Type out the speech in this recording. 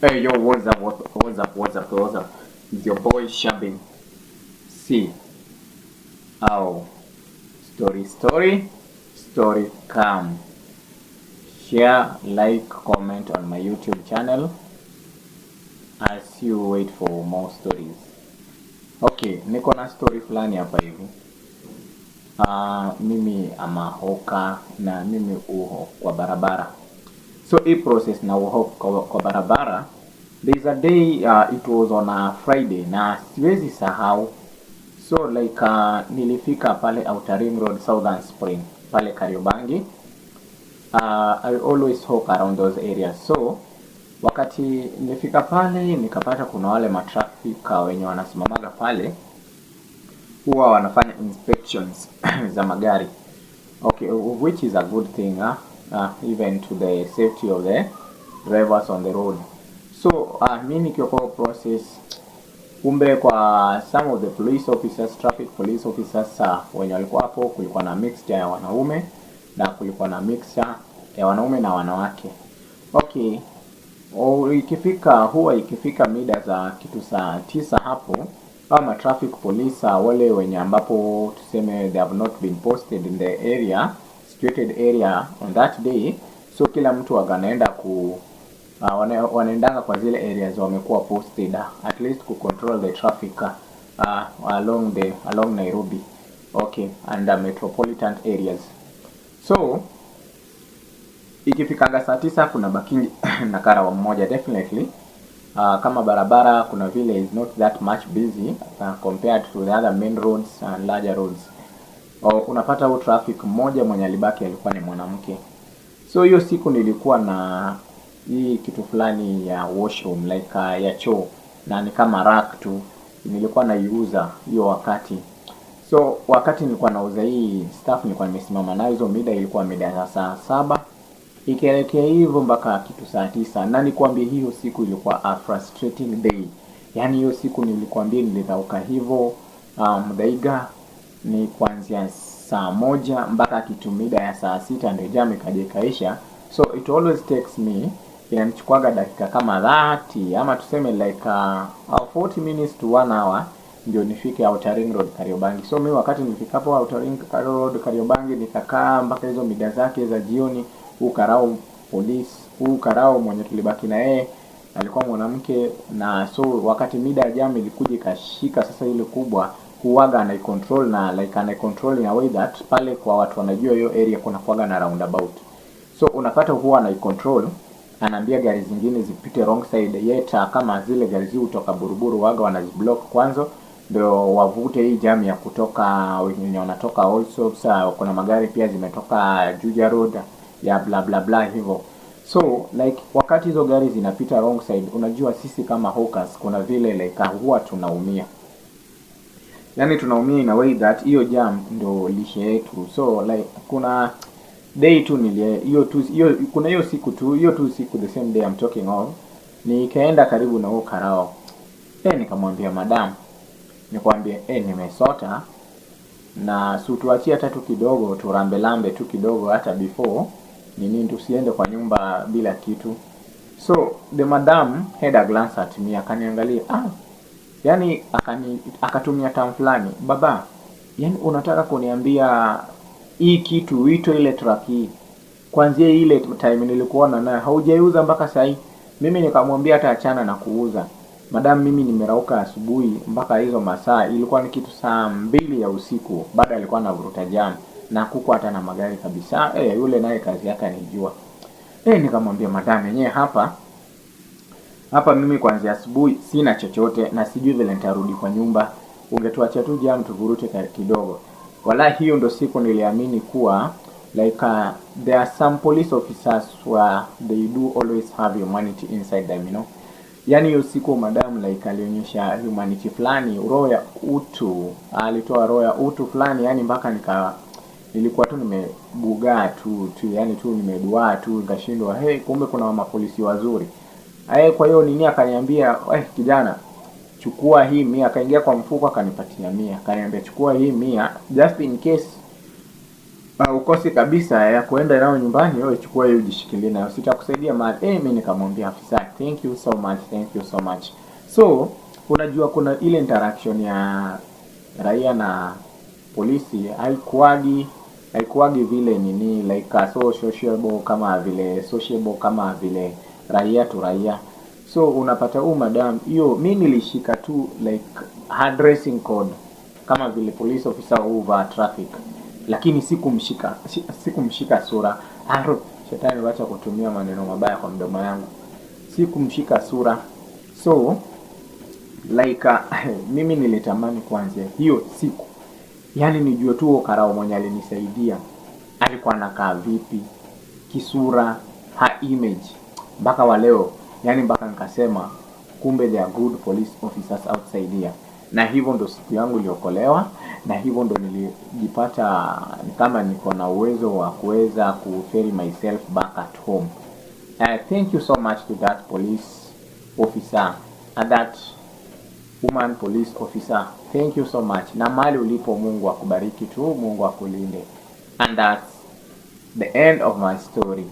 Hey yo, what's up, what's up, what's up, what's up? It's your boy Shabby. See au oh, story story story come. Share, like, comment on my YouTube channel as you wait for more stories. Okay, niko na story fulani hapa hivi. Uh, mimi hoka na mimi uho kwa barabara So a process na uho kwa, barabara. There is a day uh, it was on a Friday na siwezi sahau. So like uh, nilifika pale Outer ring Road Southern Spring pale Kariobangi. Uh, I always hope around those areas. So wakati nilifika pale nikapata kuna wale matrafika uh, wenye wanasimamaga pale huwa wanafanya inspections za magari. Okay, which is a good thing. Huh? uh, even to the safety of the drivers on the road. So uh, mi nikiwa process kumbe, kwa some of the police officers, traffic police officers uh, wenye walikuwa hapo, kulikuwa na mixture ya wanaume na kulikuwa na mixture ya wanaume na wanawake. Okay, o, oh, ikifika huwa ikifika mida za kitu saa tisa hapo kama traffic police uh, wale wenye ambapo tuseme they have not been posted in the area situated area on that day. So kila mtu akanaenda ku uh, wanaendanga kwa zile areas wamekuwa posted uh, at least ku control the traffic uh, uh along the along Nairobi okay and uh, metropolitan areas so ikifikanga saa tisa kuna bakingi na karawa mmoja definitely. Uh, kama barabara kuna vile is not that much busy uh, compared to the other main roads and larger roads unapata huo traffic mmoja mwenye alibaki alikuwa ni mwanamke. So hiyo siku nilikuwa na hii kitu fulani ya washroom like uh, ya choo na ni kama rack tu nilikuwa naiuza hiyo wakati. So wakati nilikuwa nauza hii staff nilikuwa nimesimama nayo, hizo mida ilikuwa mida ya saa saba ikielekea hivyo mpaka kitu saa tisa, na nikwambie hiyo siku ilikuwa a frustrating day. Yani hiyo siku nilikwambia nilidhauka hivyo mdaiga um, ni kuanzia saa moja mpaka kitu mida ya saa sita ndio jam ikaja ikaisha, so it always takes me, inanichukuaga dakika kama 30 ama tuseme like uh, 40 minutes to 1 hour ndio nifike Outer Ring Road Kariobangi. So mimi wakati nifikapo Outer Ring Road Kariobangi nikakaa mpaka hizo mida zake za jioni. Huu karao polisi, huu karao mwenye tulibaki na yeye alikuwa mwanamke, na so wakati mida ya jamu ilikuja ikashika sasa ile kubwa huwaga control na like ana control in a way that pale kwa watu wanajua hiyo area kuna kuwaga na roundabout, so unapata huwa control anaambia gari zingine zipite wrong side, yet kama zile gari zi utoka Buruburu waga wanaziblock kwanza ndio wavute hii jam ya kutoka wengine wanatoka also. sa kuna magari pia zimetoka Juja Road ya bla bla bla hivyo, so like wakati hizo gari zinapita wrong side, unajua sisi kama hawkers kuna vile like huwa tunaumia yani tunaumia in a way that hiyo jam ndo lishe yetu, so like kuna day tu nilie hiyo tu hiyo, kuna hiyo siku tu hiyo tu siku, the same day I'm talking of, nikaenda karibu na huo karao eh nikamwambia madam, nikwambie eh nimesota na si tuachie hata tu kidogo turambe lambe tu kidogo, hata before nini, tusiende kwa nyumba bila kitu. So the madam had a glance at me, akaniangalia ah yani akani, akatumia tamu fulani baba, yani unataka kuniambia hii kitu uitwe ile traki hii kwanzia ile time nilikuona naye haujaiuza mpaka sahii. Mimi nikamwambia hata achana na kuuza, madamu mimi nimerauka asubuhi mpaka hizo masaa, ilikuwa ni kitu saa mbili ya usiku, bado alikuwa anavuruta jamu na kuku hata na magari kabisa. E, yule naye kazi yake anijua. E, nikamwambia madamu yenyewe hapa hapa mimi kuanzia asubuhi sina chochote na sijui vile nitarudi kwa nyumba. Ungetuachia tu jam tuvurute kidogo. Wala hiyo ndo siku niliamini kuwa like uh, there are some police officers where they do always have humanity inside them, you know. yani hiyo siku madam like alionyesha humanity fulani, roho ya utu, alitoa roho ya utu fulani, yani mpaka nika nilikuwa tu nimebugaa tu tu, yani tu nimeduaa tu nikashindwa, hey, kumbe kuna mapolisi wazuri. Ae, kwa hiyo nini akaniambia, eh, kijana chukua hii mia. Akaingia kwa mfuko akanipatia mia, akaniambia chukua hii mia just in case ukosi kabisa ya kuenda nao nyumbani, wewe chukua hiyo ujishikilie nayo, sitakusaidia mali eh. Mimi nikamwambia afisa, thank you so much, thank you so much. So unajua kuna ile interaction ya raia na polisi haikuagi haikuagi vile nini like a so sociable kama vile sociable kama vile raia tu raia. So unapata huu madam hiyo, mi nilishika tu like code kama vile police ofisa uva traffic, lakini sikumshika sikumshika sura. Aro, shetani, wacha kutumia maneno mabaya kwa mdomo yangu. Sikumshika sura, so like uh, mimi nilitamani kwanza hiyo siku yani nijue tu karao mwenye alinisaidia alikuwa anakaa vipi kisura, ha image mpaka wa leo, yani mpaka nikasema kumbe there are good police officers outside here. Na hivyo ndo siku yangu iliokolewa, na hivyo ndo nilijipata kama niko na uwezo wa kuweza kuferi myself back at home. Uh, thank you so much to that police officer and uh, that woman police officer, thank you so much. Na mali ulipo, Mungu akubariki tu, Mungu akulinde, and that's the end of my story.